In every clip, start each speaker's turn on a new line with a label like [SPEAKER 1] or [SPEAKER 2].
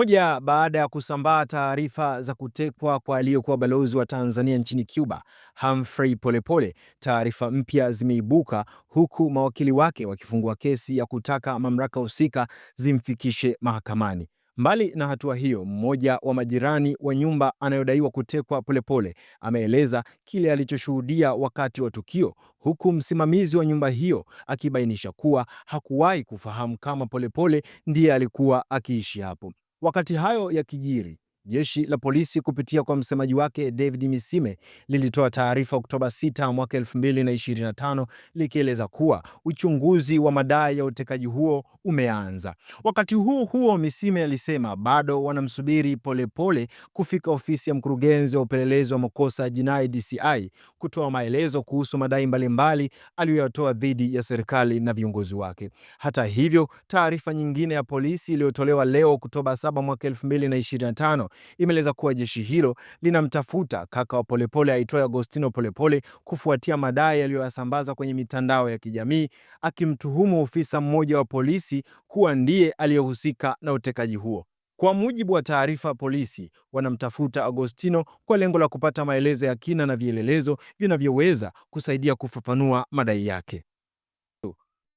[SPEAKER 1] Moja baada ya kusambaa taarifa za kutekwa kwa aliyekuwa balozi wa Tanzania nchini Cuba, Humphrey Polepole, taarifa mpya zimeibuka huku mawakili wake wakifungua kesi ya kutaka mamlaka husika zimfikishe mahakamani. Mbali na hatua hiyo, mmoja wa majirani wa nyumba anayodaiwa kutekwa Polepole ameeleza kile alichoshuhudia wakati wa tukio, huku msimamizi wa nyumba hiyo akibainisha kuwa hakuwahi kufahamu kama Polepole ndiye alikuwa akiishi hapo. Wakati hayo yakijiri Jeshi la polisi kupitia kwa msemaji wake David Misime lilitoa taarifa Oktoba 6 mwaka 2025 likieleza kuwa uchunguzi wa madai ya utekaji huo umeanza. Wakati huo huo, Misime alisema bado wanamsubiri Polepole kufika ofisi ya mkurugenzi wa upelelezi wa makosa ya jinai DCI kutoa maelezo kuhusu madai mbalimbali aliyoyatoa dhidi ya serikali na viongozi wake. Hata hivyo, taarifa nyingine ya polisi iliyotolewa leo Oktoba 7 mwaka 2025 imeeleza kuwa jeshi hilo linamtafuta kaka wa Polepole aitwaye Agostino Polepole kufuatia madai yaliyoyasambaza kwenye mitandao ya kijamii akimtuhumu ofisa mmoja wa polisi kuwa ndiye aliyehusika na utekaji huo. Kwa mujibu wa taarifa, polisi wanamtafuta Agostino kwa lengo la kupata maelezo ya kina na vielelezo vinavyoweza kusaidia kufafanua madai yake.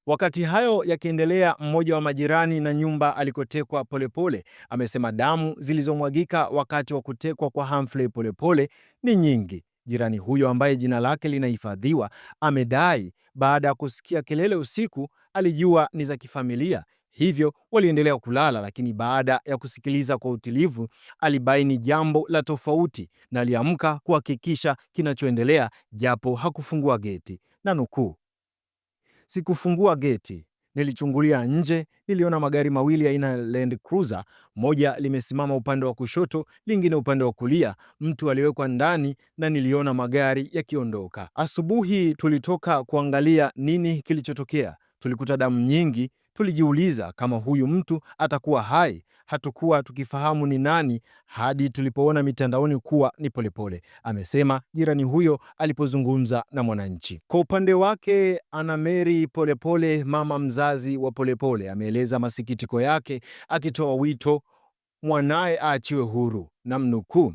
[SPEAKER 1] Wakati hayo yakiendelea, mmoja wa majirani na nyumba alikotekwa Polepole amesema damu zilizomwagika wakati wa kutekwa kwa Humphrey Polepole ni nyingi. Jirani huyo ambaye jina lake linahifadhiwa amedai baada ya kusikia kelele usiku alijua ni za kifamilia, hivyo waliendelea kulala, lakini baada ya kusikiliza kwa utulivu alibaini jambo la tofauti na aliamka kuhakikisha kinachoendelea, japo hakufungua geti na nukuu Sikufungua geti, nilichungulia nje. Niliona magari mawili aina ya Land Cruiser, moja limesimama upande wa kushoto, lingine upande wa kulia. Mtu aliwekwa ndani na niliona magari yakiondoka. Asubuhi tulitoka kuangalia nini kilichotokea. Tulikuta damu nyingi tulijiuliza kama huyu mtu atakuwa hai. Hatukuwa tukifahamu ni nani hadi tulipoona mitandaoni kuwa ni Polepole, amesema jirani huyo alipozungumza na Mwananchi. Kwa upande wake, Anna Mary Polepole, mama mzazi wa Polepole, ameeleza masikitiko yake akitoa wito mwanaye aachiwe huru, na mnukuu,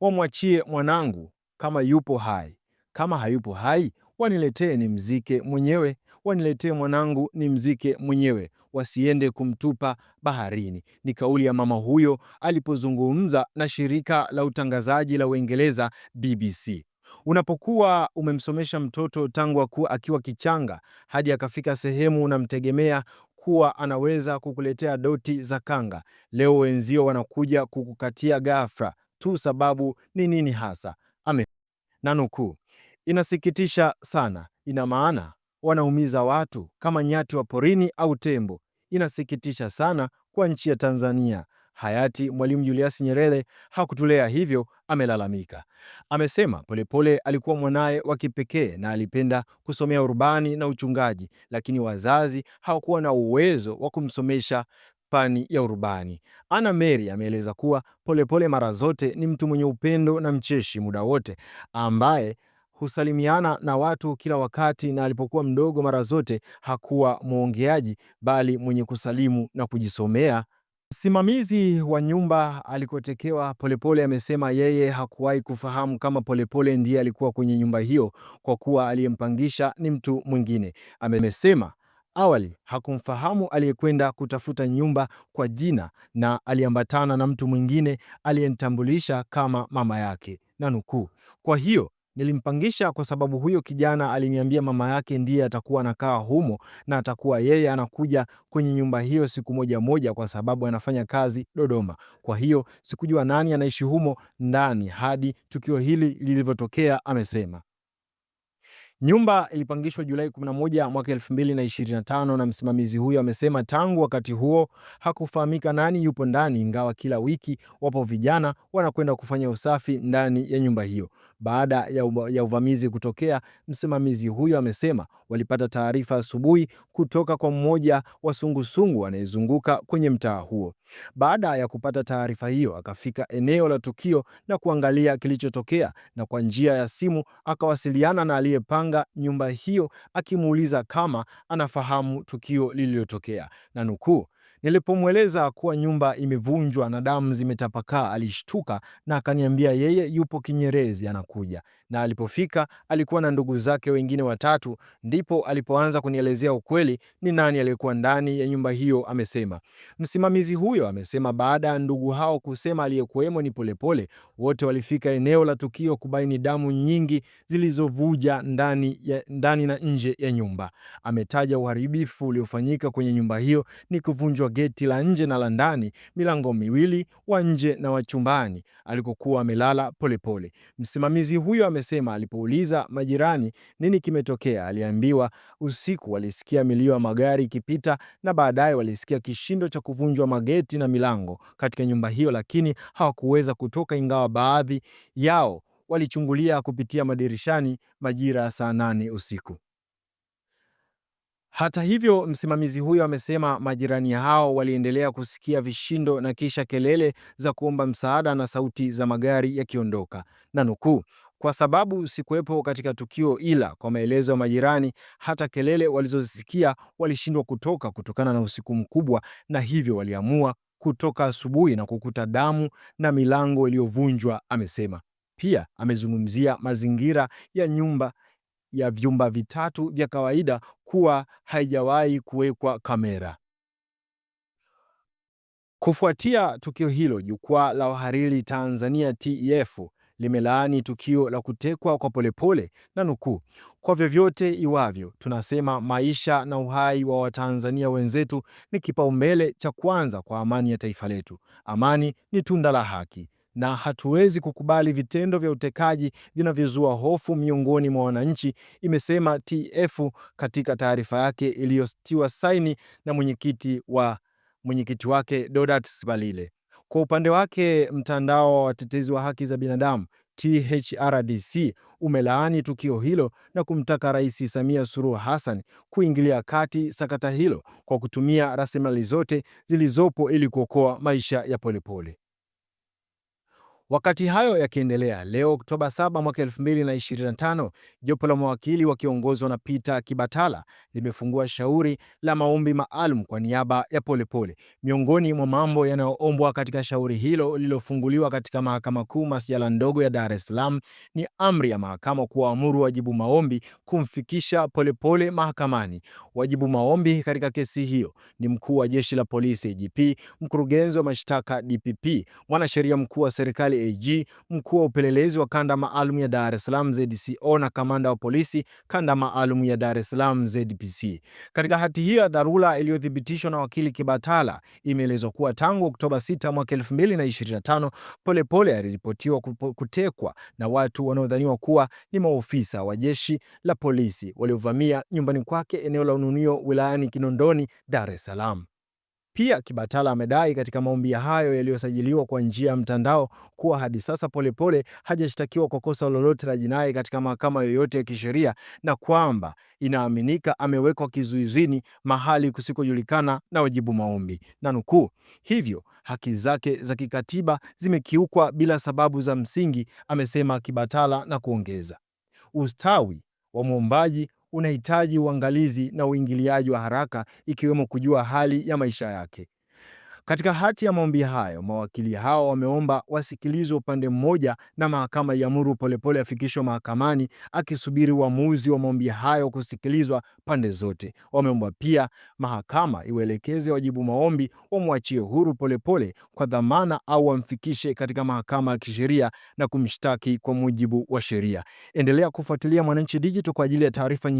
[SPEAKER 1] wamwachie mwanangu kama yupo hai, kama hayupo hai waniletee nimzike mwenyewe, waniletee mwanangu nimzike mwenyewe, wasiende kumtupa baharini. Ni kauli ya mama huyo alipozungumza na shirika la utangazaji la Uingereza BBC. Unapokuwa umemsomesha mtoto tangu akiwa kichanga hadi akafika sehemu unamtegemea kuwa anaweza kukuletea doti za kanga, leo wenzio wanakuja kukukatia ghafla tu. Sababu ni nini hasa? Ame nanukuu Inasikitisha sana. Ina maana wanaumiza watu kama nyati wa porini au tembo. Inasikitisha sana kwa nchi ya Tanzania. Hayati Mwalimu Julius Nyerere hakutulea hivyo, amelalamika. Amesema Polepole alikuwa mwanaye wa kipekee na alipenda kusomea urubani na uchungaji, lakini wazazi hawakuwa na uwezo wa kumsomesha fani ya urubani. Anna Mary ameeleza kuwa Polepole mara zote ni mtu mwenye upendo na mcheshi muda wote ambaye husalimiana na watu kila wakati, na alipokuwa mdogo mara zote hakuwa mwongeaji, bali mwenye kusalimu na kujisomea. Msimamizi wa nyumba alikotekewa Polepole amesema yeye hakuwahi kufahamu kama Polepole ndiye alikuwa kwenye nyumba hiyo kwa kuwa aliyempangisha ni mtu mwingine. Amesema awali hakumfahamu aliyekwenda kutafuta nyumba kwa jina na aliambatana na mtu mwingine aliyemtambulisha kama mama yake, na nukuu, kwa hiyo Nilimpangisha kwa sababu huyo kijana aliniambia mama yake ndiye atakuwa anakaa humo na atakuwa yeye anakuja kwenye nyumba hiyo siku moja moja, kwa sababu anafanya kazi Dodoma. Kwa hiyo sikujua nani anaishi humo ndani hadi tukio hili lilivyotokea, amesema. Nyumba ilipangishwa Julai 11 mwaka 2025 na msimamizi huyo amesema tangu wakati huo hakufahamika nani yupo ndani, ingawa kila wiki wapo vijana wanakwenda kufanya usafi ndani ya nyumba hiyo. Baada ya uvamizi kutokea, msimamizi huyo amesema walipata taarifa asubuhi kutoka kwa mmoja wa sungusungu anayezunguka kwenye mtaa huo. Baada ya kupata taarifa hiyo, akafika eneo la tukio na kuangalia kilichotokea, na kwa njia ya simu akawasiliana na aliyepanga mganga nyumba hiyo akimuuliza kama anafahamu tukio lililotokea, na nukuu, Nilipomweleza kuwa nyumba imevunjwa na damu zimetapakaa, alishtuka na akaniambia yeye yupo Kinyerezi anakuja, na alipofika alikuwa na ndugu zake wengine watatu. Ndipo alipoanza kunielezea ukweli ni nani aliyekuwa ndani ya nyumba hiyo. Amesema msimamizi huyo amesema baada ya ndugu hao kusema aliyekuwemo ni Polepole, wote walifika eneo la tukio kubaini damu nyingi zilizovuja ndani, ya, ndani na nje ya nyumba. Ametaja uharibifu uliofanyika kwenye nyumba hiyo ni kuvunjwa geti la nje na la ndani, milango miwili, wa nje na wa chumbani alikokuwa amelala Polepole. Msimamizi huyo amesema alipouliza majirani nini kimetokea, aliambiwa usiku walisikia milio ya magari ikipita na baadaye walisikia kishindo cha kuvunjwa mageti na milango katika nyumba hiyo, lakini hawakuweza kutoka, ingawa baadhi yao walichungulia kupitia madirishani majira ya saa nane usiku. Hata hivyo, msimamizi huyo amesema majirani hao waliendelea kusikia vishindo na kisha kelele za kuomba msaada na sauti za magari yakiondoka, na nukuu, kwa sababu sikuwepo katika tukio, ila kwa maelezo ya majirani, hata kelele walizozisikia walishindwa kutoka kutokana na usiku mkubwa, na hivyo waliamua kutoka asubuhi na kukuta damu na milango iliyovunjwa, amesema. Pia amezungumzia mazingira ya nyumba ya vyumba vitatu vya kawaida kuwa haijawahi kuwekwa kamera. Kufuatia tukio hilo, jukwaa la wahariri Tanzania TEF limelaani tukio la kutekwa kwa Polepole na nukuu, kwa vyovyote iwavyo, tunasema maisha na uhai wa Watanzania wenzetu ni kipaumbele cha kwanza kwa amani ya taifa letu. Amani ni tunda la haki, na hatuwezi kukubali vitendo vya utekaji vinavyozua hofu miongoni mwa wananchi, imesema TF katika taarifa yake iliyotiwa saini na mwenyekiti wa mwenyekiti wake Dodat Sibalile. Kwa upande wake, mtandao wa watetezi wa haki za binadamu THRDC umelaani tukio hilo na kumtaka Rais Samia Suluhu Hassan kuingilia kati sakata hilo kwa kutumia rasilimali zote zilizopo ili kuokoa maisha ya Polepole. Wakati hayo yakiendelea, leo Oktoba 7 mwaka 2025, jopo la mawakili wakiongozwa na Peter Kibatala limefungua shauri la maombi maalum kwa niaba ya Polepole. Miongoni mwa mambo yanayoombwa katika shauri hilo lililofunguliwa katika Mahakama Kuu Masjala ndogo ya Dar es Salaam ni amri ya mahakama kuwaamuru wajibu maombi kumfikisha Polepole mahakamani. Wajibu maombi katika kesi hiyo ni mkuu wa jeshi la polisi IGP, mkurugenzi wa mashtaka DPP, mwanasheria mkuu wa serikali Jenerali AG, mkuu wa upelelezi wa kanda maalum ya Dar es Salaam ZCO na kamanda wa polisi kanda maalum ya Dar es Salaam ZPC. Katika hati hiyo ya dharura iliyothibitishwa na wakili Kibatala, imeelezwa kuwa tangu Oktoba 6 mwaka 2025 Polepole aliripotiwa kutekwa na watu wanaodhaniwa kuwa ni maofisa wa jeshi la polisi waliovamia nyumbani kwake eneo la Ununio wilayani Kinondoni, Dar es Salaam. Pia Kibatala amedai katika maombi hayo yaliyosajiliwa kwa njia ya mtandao kuwa hadi sasa Polepole hajashtakiwa kwa kosa lolote la jinai katika mahakama yoyote ya kisheria na kwamba inaaminika amewekwa kizuizini mahali kusikojulikana na wajibu maombi, na nukuu, hivyo haki zake za kikatiba zimekiukwa bila sababu za msingi, amesema Kibatala na kuongeza, ustawi wa mwombaji unahitaji uangalizi na uingiliaji wa haraka, ikiwemo kujua hali ya maisha yake. Katika hati ya maombi hayo, mawakili hao wameomba wasikilizwe upande mmoja na mahakama iamuru Polepole afikishwe mahakamani akisubiri uamuzi wa maombi hayo kusikilizwa pande zote. Wameomba pia mahakama iwaelekeze wajibu maombi wamwachie huru Polepole kwa dhamana au wamfikishe katika mahakama ya kisheria na kumshtaki kwa mujibu wa sheria. Endelea kufuatilia Mwananchi Digital kwa ajili ya taarifa